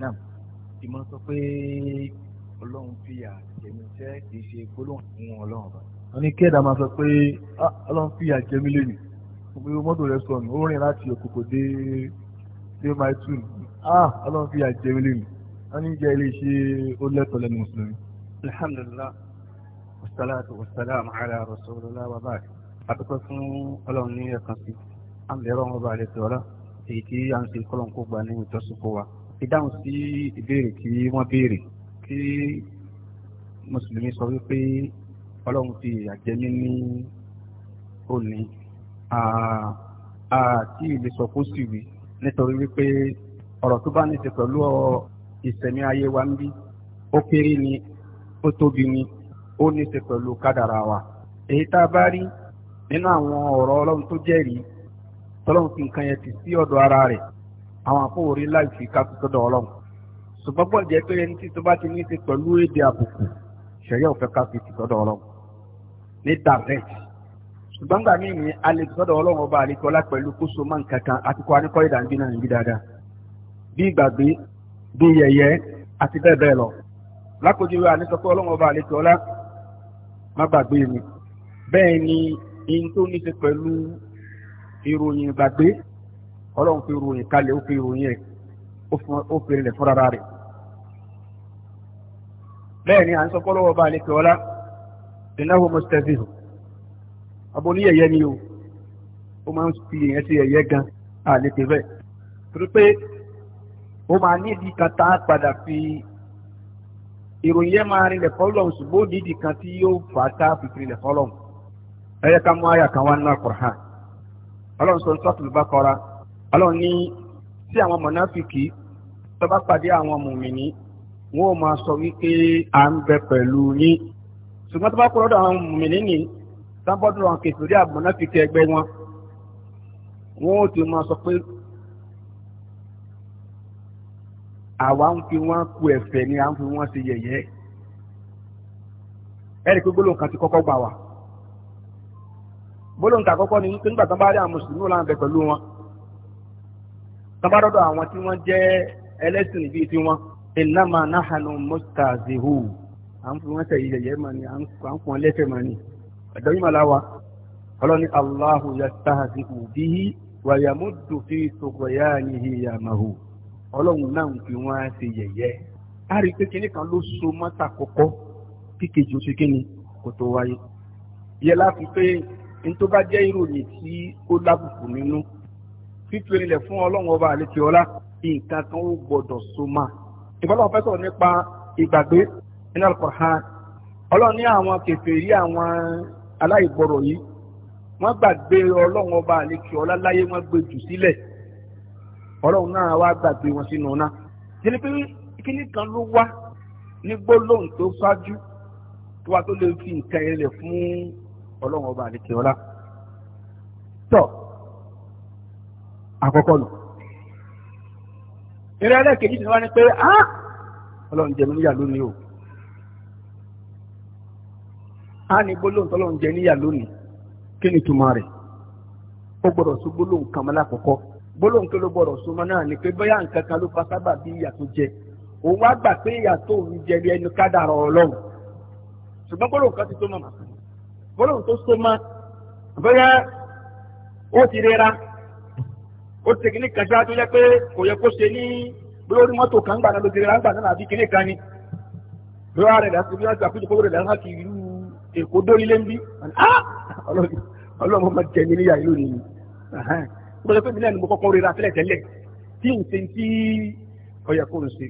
náà ìmọ̀ sọ pé ọlọ́run fìyà jẹ̀mí jẹ́ kì í ṣe gbólóhùn fún ọlọ́run ọba. wọ́n ní kẹ́ẹ̀dá máa sọ pé ah, ọlọ́run fìyà jẹ̀mí lẹ́nu gbogbo mọ́tò rẹ̀ sọnù ó rìn láti òkòkò dé dé maitun ah, ọlọ́run fìyà jẹ̀mí lẹ́nu wọ́n ní jẹ́ ilé ṣe ó lẹ́tọ̀ọ́ lẹ́nu mùsùlùmí. alhamdulillah wasalaatu wasalaam ala rasulillah wa baaki. àtúkọ̀ fún ọlọ́run ní ẹ̀kan sí àmì ẹ̀rọ wọn bá àlejò èyí tí à ń ṣe kọ́lọ́n kó gba ní ìjọsìn fún wa ìdáhùn sí ìbéèrè tí wọ́n béèrè kí mùsùlùmí sọ wípé ọlọ́run fi ìyà jẹ mí ní òní àti ìlè sọ kó sì wí nítorí wípé ọ̀rọ̀ tó bá ní ṣe pẹ̀lú ìsẹ̀mí ayé wa ń bí ó kéré ni ó tóbi ni ó ní pẹ̀lú kádàrà wa èyí tá a bá rí nínú àwọn ọ̀rọ̀ ọlọ́run tó jẹ́rìí tọ́lọ́hún fi nǹkan yẹn ti sí ọ̀dọ̀ ara rẹ̀ àwọn àfọwọ́rí láìsí kápẹ́ sọ́dọ̀ ọlọ́run ṣùgbọ́n bọ́ọ̀ jẹ́ pé ẹni tí tó bá ti ní í ṣe pẹ̀lú èdè àbùkù ṣẹ̀yẹ́ òfẹ́ kápẹ́ ti sọ́dọ̀ ọlọ́run ní direct ṣùgbọ́n gbà mí ni a lè sọ́dọ̀ ọlọ́run ọba àlekọ́lá pẹ̀lú kó so máa ń kankan àti kó anikọ́ ìdánjú náà níbi dáadáa bí ìgbàgbé bí yẹ̀yẹ́ àti bẹ́ẹ̀ bẹ́ẹ̀ lọ lákòjúwe àníṣọ pé ọlọ́run ọba àlekọ́lá má gbàgbé mi bẹ́ẹ̀ ni ihun tó ní ṣe pẹ̀lú ìròyìn ìgbàgbé ọlọ́run fi ròyìn kalẹ̀ ó fi ròyìn ẹ̀ ó fi rìnlẹ̀ fúnra rẹ̀ bẹ́ẹ̀ ni à ń sọ kọ́lọ́wọ́ bá àlekè ọlá ìnáwó mọ́sítẹ́fìhù ọmọ oníyẹ̀yẹ́ ni o ó máa ń fi èèyàn sí ẹ̀yẹ́ gan àlekè bẹ́ẹ̀ torí pé ó máa nídìí kan tá a padà fi ìròyìn yẹn máa rìnlẹ̀ fọ́lọ́hùn ṣùgbọ́n nídìí kan tí yóò fà á tá a fi rìnlẹ̀ fọ́lọ́hùn ẹ̀yẹ ká mú àyà kan wá nínú ọlọ́run sọ sọ́ọ̀tù bá kọ́ra ọlọ́run ní tí àwọn mọ̀náfìkì tó bá pàdé àwọn mùmìnì wọn ò máa sọ wípé à ń bẹ pẹ̀lú yín ṣùgbọ́n tó bá kúrò lọ́dọ̀ àwọn mùmìnì ní sábọ́dọ̀ àwọn kẹfìrí àwọn ẹgbẹ́ wọn wọn ò ti máa sọ pé àwa ń fi wọn ku ẹ̀fẹ̀ ni à ń fi wọn ṣe yẹ̀yẹ́ ẹ̀rí pé gbólóhùn kan ti kọ́kọ́ gbà wá. gbólóhùn àkọ́kọ́ ni wípé nígbà tán bá rí a mùsùlùmí wọn bẹ pẹ̀lú wọn tán bá àwọn tí wọ́n jẹ́ ẹlẹ́sìn bíi tí wọ́n à ń mà ní à ń fún wọn lẹ́sẹ̀ mà ní ọ̀dọ́ yìí mà láwa Allahu bihi wa yamuddu fi tughyanihi yamahu ọlọ́run náà ń fi wọ́n ṣe yẹ̀yẹ́ a rí i pé kinní kan ló so mọ́ta kọ́kọ́ kíkejì oṣù kínní kò tó wáyé yẹ láti nítorí bá jẹ́ ìròyìn tí ó lábùkù nínú fífi ilẹ̀ fún ọlọ́run ọba àlejò ọlá nǹkan kan ó gbọdọ̀ so máa. ìfọlọ́ fẹ́ sọ̀rọ̀ nípa ìgbàgbé nínú Al-Qur'an ọlọ́run ní àwọn kèfèrí àwọn aláìgbọ̀rọ̀ yìí wọ́n gbàgbé ọlọ́run ọba àlejò ọlá láyé wọ́n gbé jù sílẹ̀ ọlọ́run náà wá gbàgbé wọn sínú ọ̀nà. jẹ́ni pé kíní kan ló wá ní gbólóhùn tó ṣáájú tó wá tó lè fi nǹkan yẹn lẹ̀ fún ọlọ́run ọba àlekè ọlá tọ́ àkọ́kọ́ nù eré ẹlẹ́ẹ̀kejì ni wọ́n ní pé á ọlọ́run jẹ lónìí o á ní gbólóhùn jẹ lónìí kí ni túmọ̀ rẹ̀ ó gbọ́dọ̀ sún gbólóhùn kan gbólóhùn tó ló gbọ́dọ̀ sún mọ́ náà ni pé bóyá nǹkan kan ló fa sábà bí ìyà tó jẹ òun wá gbà pé ìyà tó jẹ ní ẹnu kádàrọ̀ ọlọ́run ṣùgbọ́n gbólóhùn kan ti gbólóhùn tó so mọ́ bóyá ó ti rẹra ó ti kìíní kan ṣáájú yẹ pé kò yẹ kó ṣe ní lórí mọ́tò kan gbà náà ló ti rẹra gbà náà àbí kìíní kan ni lórí rẹ̀ láti bí wọ́n ti àpéjọpọ̀ rẹ̀ láti ìlú èkó dórí lé ń bí ọlọ́run máa jẹ ní níyà ìlú nìyí gbọ́dọ̀ pé mi náà ni mo kọ́kọ́ rẹra tẹ́lẹ̀ tẹ́lẹ̀ tí n ṣe ti ọ̀yà kò ń ṣe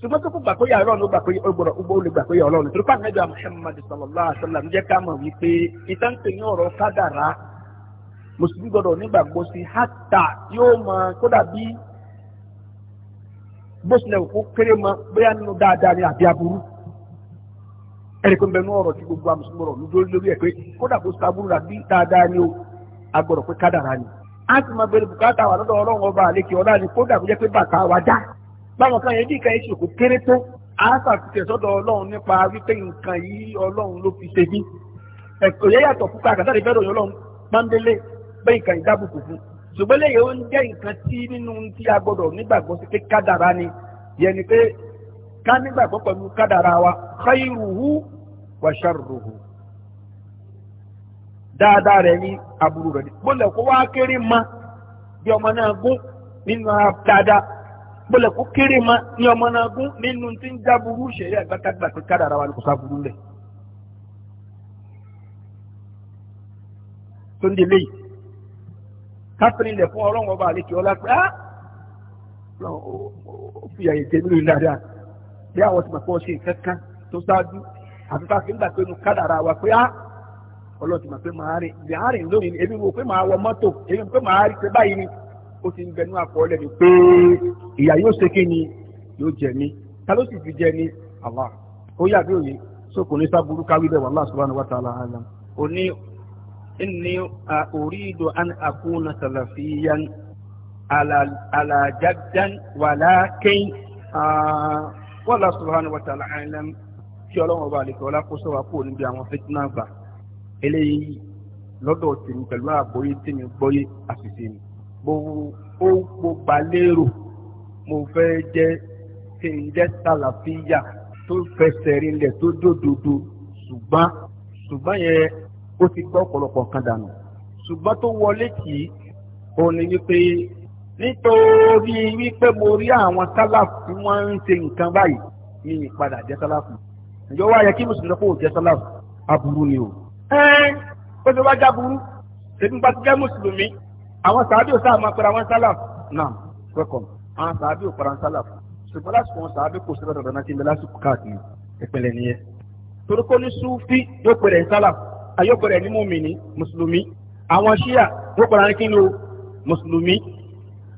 ṣùgbọ́n tó kó gbà pé yà ọlọ́run ó gbà pé ó gbọ́dọ̀ ó lè gbà pé yà ọlọ́run torí pàṣẹ nàìjíríà Muhammad sallallahu alaihi wasallam jẹ́ ká mọ̀ wípé ìtàǹtẹ̀ ní ọ̀rọ̀ kádàrá mùsùlùmí gbọ́dọ̀ nígbàgbọ́ sí hátà yóò mọ kódà bí bó tilẹ̀ kó kéré mọ bóyá nínú dáadáa ni àbí aburú ẹ̀rí pé bẹ́ẹ̀ ní ọ̀rọ̀ tí gbogbo báwọn kan yẹn bí ìka yẹn ṣe kò kéré tó àáfà tẹ̀ sọ́dọ̀ ọlọ́run nípa wípé nǹkan yìí ọlọ́run ló fi ṣe bí ẹ̀kọ́ yẹn yàtọ̀ fún káàkiri àtàrí fẹ́ràn ọlọ́run pàǹdélé pé nǹkan yìí dábùkù fún ṣùgbọ́n lẹ́yìn ó ń jẹ́ nǹkan tí nínú tí a gbọ́dọ̀ nígbàgbọ́ sí pé kádàrá ni yẹn ni pé ká nígbàgbọ́ pẹ̀lú kádàrá wa khairuhu wa sharruhu dáadáa rẹ̀ ní aburú rẹ̀ ni bólẹ̀ kó wá kéré ma bí ọmọ náà gún nínú dáadáa bọ́lẹ̀ kó kéré ma ní ọmọ náà gún nínú tí ń já burú ṣẹ̀rí àgbàkagbà pé kádàrá wa kò sá burú rẹ̀. tó ń délé yìí káfíńì lẹ̀ fún ọlọ́run ọba àlejò ọlá pé á ah! ó fi àyè jẹ nínú ìlàdà bí àwọn ti mọ̀ pé wọ́n ṣe nǹkan kan tó ṣáájú àti káfíń gbà pé nu kádàrá wa pé á ah! ọlọ́run ti mọ̀ pé màá rìn lónìí ni èmi wò pé màá wọ mọ́tò èmi wò pé màá rí pé báyìí ni ó ti ń bẹnu àkọọ́lẹ̀ mi pé ìyá yóò ṣe kí ni yóò jẹ mí ta ló sì fi jẹ ní Allah ó yà bí òye so kò ní sábúrú káwí bẹ́ẹ̀ wallahu subhanahu wa ta'ala alam ó ní inni uridu an akuna salafiyan ala jaddan walakin wallahu subhanahu wa ta'ala alam kí ọlọ́run ọba àlekè ọlá kó sọ wa níbi àwọn fitna eléyìí lọ́dọ̀ tèmi pẹ̀lú àgbọ́yé tèmi gbọ́yé àṣìṣe mi mo ó mo gbà lérò mo fẹ́ jẹ́ kí n jẹ́ sàlàfíà tó fẹsẹ̀ rinlẹ̀ tó dòdòdò ṣùgbọ́n ṣùgbọ́n yẹn ó ti gbọ́ ọ̀pọ̀lọpọ̀ kan dànù ṣùgbọ́n tó wọlé kì í òun ni wípé nítorí wípé mo rí àwọn sálàfù tí wọ́n ń ṣe nǹkan báyìí mi ì padà jẹ́ sálàfù ǹjọ́ wá yẹ kí mùsùlùmí kò jẹ́ sálàfù aburú ni o. ẹ ó ti wá jáburú ṣèbí nípa ti mùsùlùmí àwọn sàábì sáà máa pẹ̀lú àwọn sálà náà welcome àwọn sàábì ò pẹ̀lú àwọn sálà ṣùgbọ́n lásìkò wọn sàábì kò síbẹ̀ dandan kí n bẹ lásìkò káàkiri ìpínlẹ̀ nìyẹn torí kó ní yóò pẹ̀lẹ̀ sálà yóò pẹ̀lẹ̀ ní mùmìnì mùsùlùmí àwọn ṣíà yóò pẹ̀lẹ̀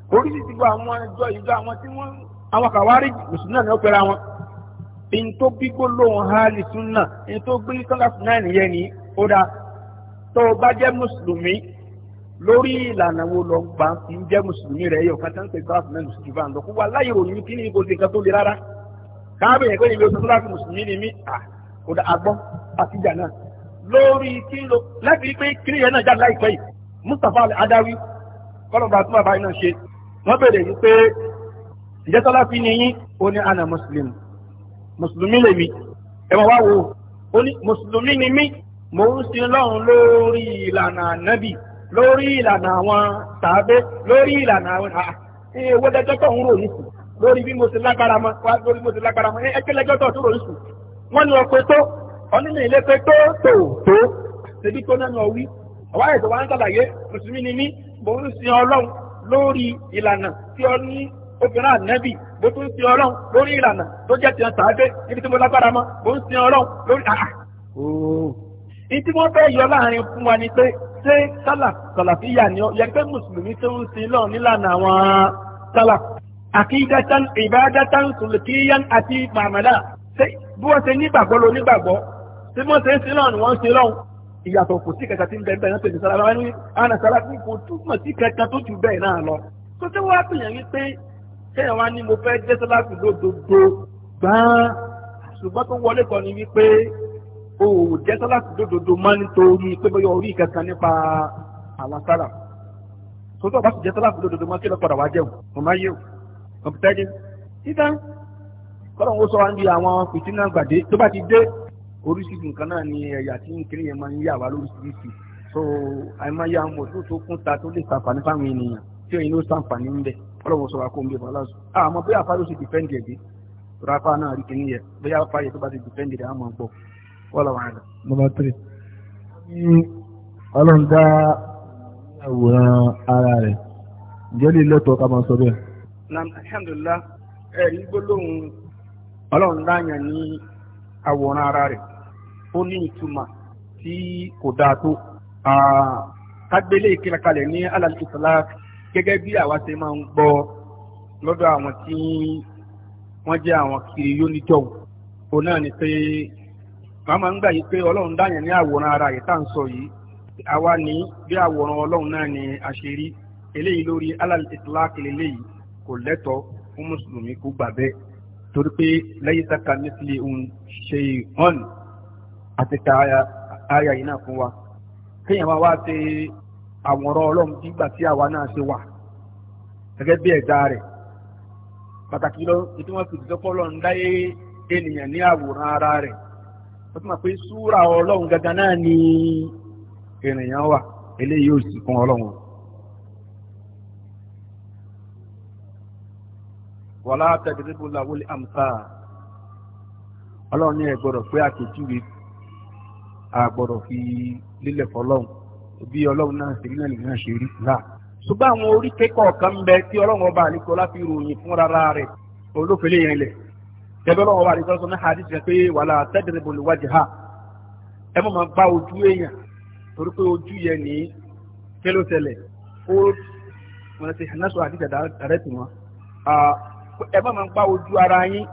gbọ́ àwọn ìjọ ìjọ àwọn tí wọ́n àwọn lórí ìlànà wo lọ gbà tí ń jẹ́ mùsùlùmí rẹ̀ yọ̀ kátà ń pè sọ́ra fún mẹ́rin jù bá ń kó wa láyé ròyìn kí ni kò sí nǹkan tó le rárá káàbẹ̀ yẹn pé ìlú oṣù sọ́ra mùsùlùmí ni mí à kò dà àgbọ́ àti ìjà náà lórí kí ló láti rí pé kí nìyẹn náà jáde láìpẹ́ yìí Mustapha Adawi kọ́lọ́mù bá tún bàbá yìí náà ṣe wọ́n bèrè yìí pé ǹjẹ́ sọ́lá fi ni yín ó ní àná mùsùlùmí mùsùlùmí lèmi ẹ máa wá wo ó ní mùsùlùmí ni mí mò ń sin lọ́run lórí ìlànà ànábì lórí ìlànà àwọn tàbí lórí ìlànà àwọn ewé lẹ́jọ́ tó ń rò nísìn lórí bí mo ti lágbára mọ́ wá lórí mo ti lágbára mọ́ ẹgbẹ́ lẹ́jọ́ tó ń rò nísìn wọ́n ní ọpẹ tó ọ̀nínà ilé pé tó tó tó ṣebí tó náà wí àwa ẹ̀sẹ̀ wa ń ṣàlàyé mùsùlùmí ni mí mo ń sin ọlọ́run lórí ìlànà tí ọ ní obìnrin ànẹ́bì mo tún sin ọlọ́run lórí ìlànà tó jẹ́ tiẹ̀ sàádé níbi tí mo ṣé sàlàfíyà ni ọ yẹ pé mùsùlùmí tó ń sin lọ nílànà àwọn sàlà àkídátán ìbádátán sùlùkíyán àti màmàdà ṣé bí wọ́n ṣe nígbàgbọ́ ló nígbàgbọ́ ṣé wọ́n ṣe ń sin lọ́run wọ́n ń sin lọ́run ìyàtọ̀ kò sí kẹta tí ń bẹ ń bẹ náà tèmi sára wọn ní àná sára tí kò túmọ̀ sí kẹta tó ju bẹ́ẹ̀ náà lọ. tó tí wọ́n á bìyàn yín pé kẹ́yìn wá ní mo fẹ́ jẹ́ sọ́láàtì lódodo gbọ́n ṣùgbọ́n tó wọlé kan ní wípé o ò jẹ́tọ́ láti dódodo máa ń torí pé bóyá orí kankan nípa àwọn sára tó tó bá sì jẹ́tọ́ láti dódodo máa ń kí lọ́pọ̀ àwa jẹun mo máa yẹ o kọ̀mpútẹ́ẹ́dì títà kọ́lọ̀ ń sọ wá ní àwọn fìtínà gbàdé tó bá ti dé oríṣiríṣi nǹkan náà ni ẹ̀yà tí nǹkan yẹn máa ń yà wá lóríṣiríṣi so àìmọye ya mọ̀tò tó kún ta tó lè ṣàǹfààní fáwọn ènìyàn tí òyìn ló ṣàǹfààní ń bẹ̀ kọ́lọ̀ ń sọ wá kó ń bẹ̀ bọ́lá sùn àmọ́ bóyá afárá ó sì rafa náà rí kìnìyẹ bóyá afárá tó bá ti dìfẹ́ǹdì rẹ̀ á máa gbọ́ wọ́lọ̀ wà ní nọ́mbà tírì ní ọlọ́run ara rẹ̀ ǹjẹ́ lè lẹ́tọ̀ọ́ ká sọ bẹ́ẹ̀. naam alhamdulillah ẹ̀rí gbólóhùn ọlọ́run dáyàn ara rẹ̀ ó ní ìtumọ̀ kò dáa tó gẹ́gẹ́ bí àwa ṣe gbọ́ lọ́dọ̀ àwọn tí àwọn kiri Ọ náà pé wọ́n máa ń gbà yí pé ọlọ́run dáyẹn ní àwòrán ara yìí tá à ń sọ yìí àwa ní bí àwòrán ọlọ́run náà ni àṣírí eléyìí lórí alal itlaq eléyìí kò lẹ́tọ̀ fún mùsùlùmí kó gbà bẹ́ẹ̀ torí pé laysa kamithli shay'un àti ka àyà yìí náà fún wa kéèyàn máa wá ṣe àwòrán ọlọ́run nígbà tí àwa náà ṣe wà gẹ́gẹ́ bí ẹ̀dá rẹ̀ pàtàkì lọ ètò wọn fi ìdíjọ́pọ̀ lọ́n dáyé ènìyàn ní àwòrán ara rẹ̀ ó túmọ̀ pé súra ọlọ́run gangan náà ni ènìyàn wà eléyìí ò sì fún ọlọ́run. wàlá tẹ̀dẹ̀dẹ̀bù làwọlé àmúta ọlọ́run ní ẹ gbọ́dọ̀ pé àpèjúwe àgbọ̀dọ̀ fi lílẹ̀ fọlọ́run bí ọlọ́run náà ṣe rí náà nìyẹn ṣe rí láà ṣùgbọ́n àwọn orí kékọ̀ọ́ kan bẹ tí ọlọ́run ọba àníkọ́lá fi ròyìn fún rárá rẹ̀ olófèlè yẹn lẹ̀ gẹ́gẹ́ bá wọn wà nípa sọ́nà hadith rẹ̀ pé wàlá tadribul wajha ẹ mọ̀ máa gba ojú èèyàn torí pé ojú yẹn ní kéló tẹ̀lẹ̀ ó wọn ti hànásọ hadith rẹ̀ tì wọ́n ẹ mọ̀ máa gba ojú ara yín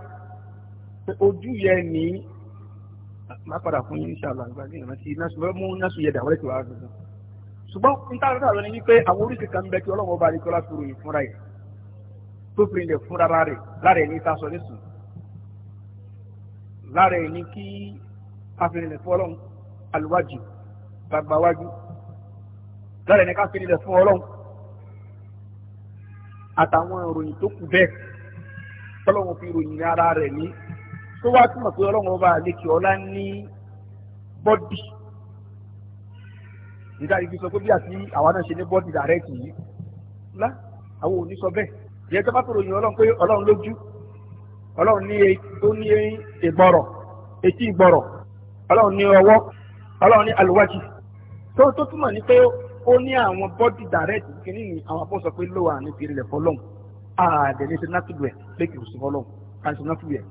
ojú yẹn ní máa padà fún yín insha Allah àgbàgbé ìrántí mú násù yẹ dàwọ́lẹ̀ tí wàá gbogbo ṣùgbọ́n níta lọ́dọ̀ àwọn ẹni pé àwọn oríṣi kan bẹ tí ọlọ́wọ́ bá rí kọ́lá fúru yìí fúnra yìí tó fi ilẹ̀ fúnra rẹ̀ lára ẹni tá ní sùn lára ẹ̀ ní kí afẹ́rẹ́lẹ̀ fún ọlọ́run alùwájú gbàgbàwájú lára ẹ̀ ní káfẹ́rẹ́lẹ̀ fún ọlọ́run àtàwọn ìròyìn tó kù bẹ́ẹ̀ tọ́lọ́run fi ròyìn ara rẹ̀ ní tó wá túmọ̀ pé ọlọ́run ọba àlekè ọlá ní bọ́dì nígbà yìí sọ pé bí àti àwa náà ṣe ní bọ́dì dàrẹ́tì yìí lá àwọn ò sọ bẹ́ẹ̀ yẹ tó bá tó ròyìn ọlọ́run pé ọlọ́run lójú ọlọ́run ní ó ní ìgbọ̀rọ̀ etí ìgbọ̀rọ̀ ọlọ́run ní ọwọ́ ọlọ́run ní àlùwájì tó tó túmọ̀ ní pé ó ní àwọn bọ́dì dàrẹ́tì kìíní ni àwọn abọ́ sọ pé lówà ní ti rẹ̀ fọlọ́hún àdẹ̀ ní ti nátìlú ẹ̀ lẹ́kì òsì fọlọ́hún àti nátìlú ẹ̀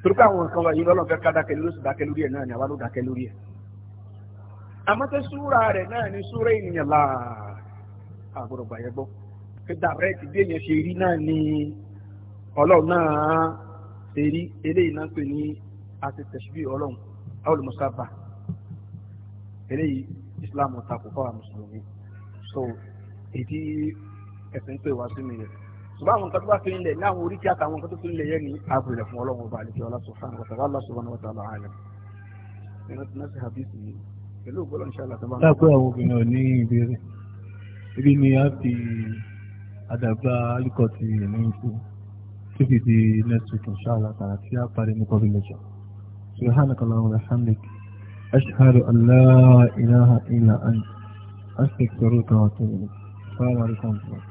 torí pé àwọn nǹkan wáyé lọ́lọ́ fẹ́ ká dákẹ́ lórí oṣù lórí ẹ̀ náà ni àwa ló dákẹ́ lórí ẹ̀ àmọ́ tẹ́ súra rẹ̀ náà ni súra ènìyàn láà àgbọ̀dọ̀ gbàyẹ gbọ́ pé dàrẹ́tì bí ènìyàn ṣe rí náà ni ọlọ́run náà èrí eléyìí náà pè ní àti tẹ̀síbí ọlọ́run olùmọ̀sábà eléyìí islam ọ̀tàkù fáwọn mùsùlùmí so èdè ẹ̀sìn pè wá sí mi rẹ̀ ṣùgbọ́n àwọn nǹkan tó bá fi ń lẹ̀ ní àwọn oríkì àtàwọn nǹkan tó fi ń lẹ̀ yẹ ní àbúrẹ̀ fún ọlọ́run ọba àlejò subhanahu wa ta'ala subhanahu wa ta'ala alam ẹ̀rọ tí nọ́ọ̀sì habisi yìí pẹ̀lú ògbọ́lọ́ ní sàlá sábà. dáàbò àwọn obìnrin ò ní ìbéèrè ibi ni a fi àdàgbà alikọ̀tì ẹ̀ ní ìfowó. Take it the next week, inshallah, ta'ala. Tia pari muka villager. سبحانك اللهم وبحمدك أشهد أن لا إله إلا أنت أستغفرك وأتوب إليك السلام عليكم ورحمة الله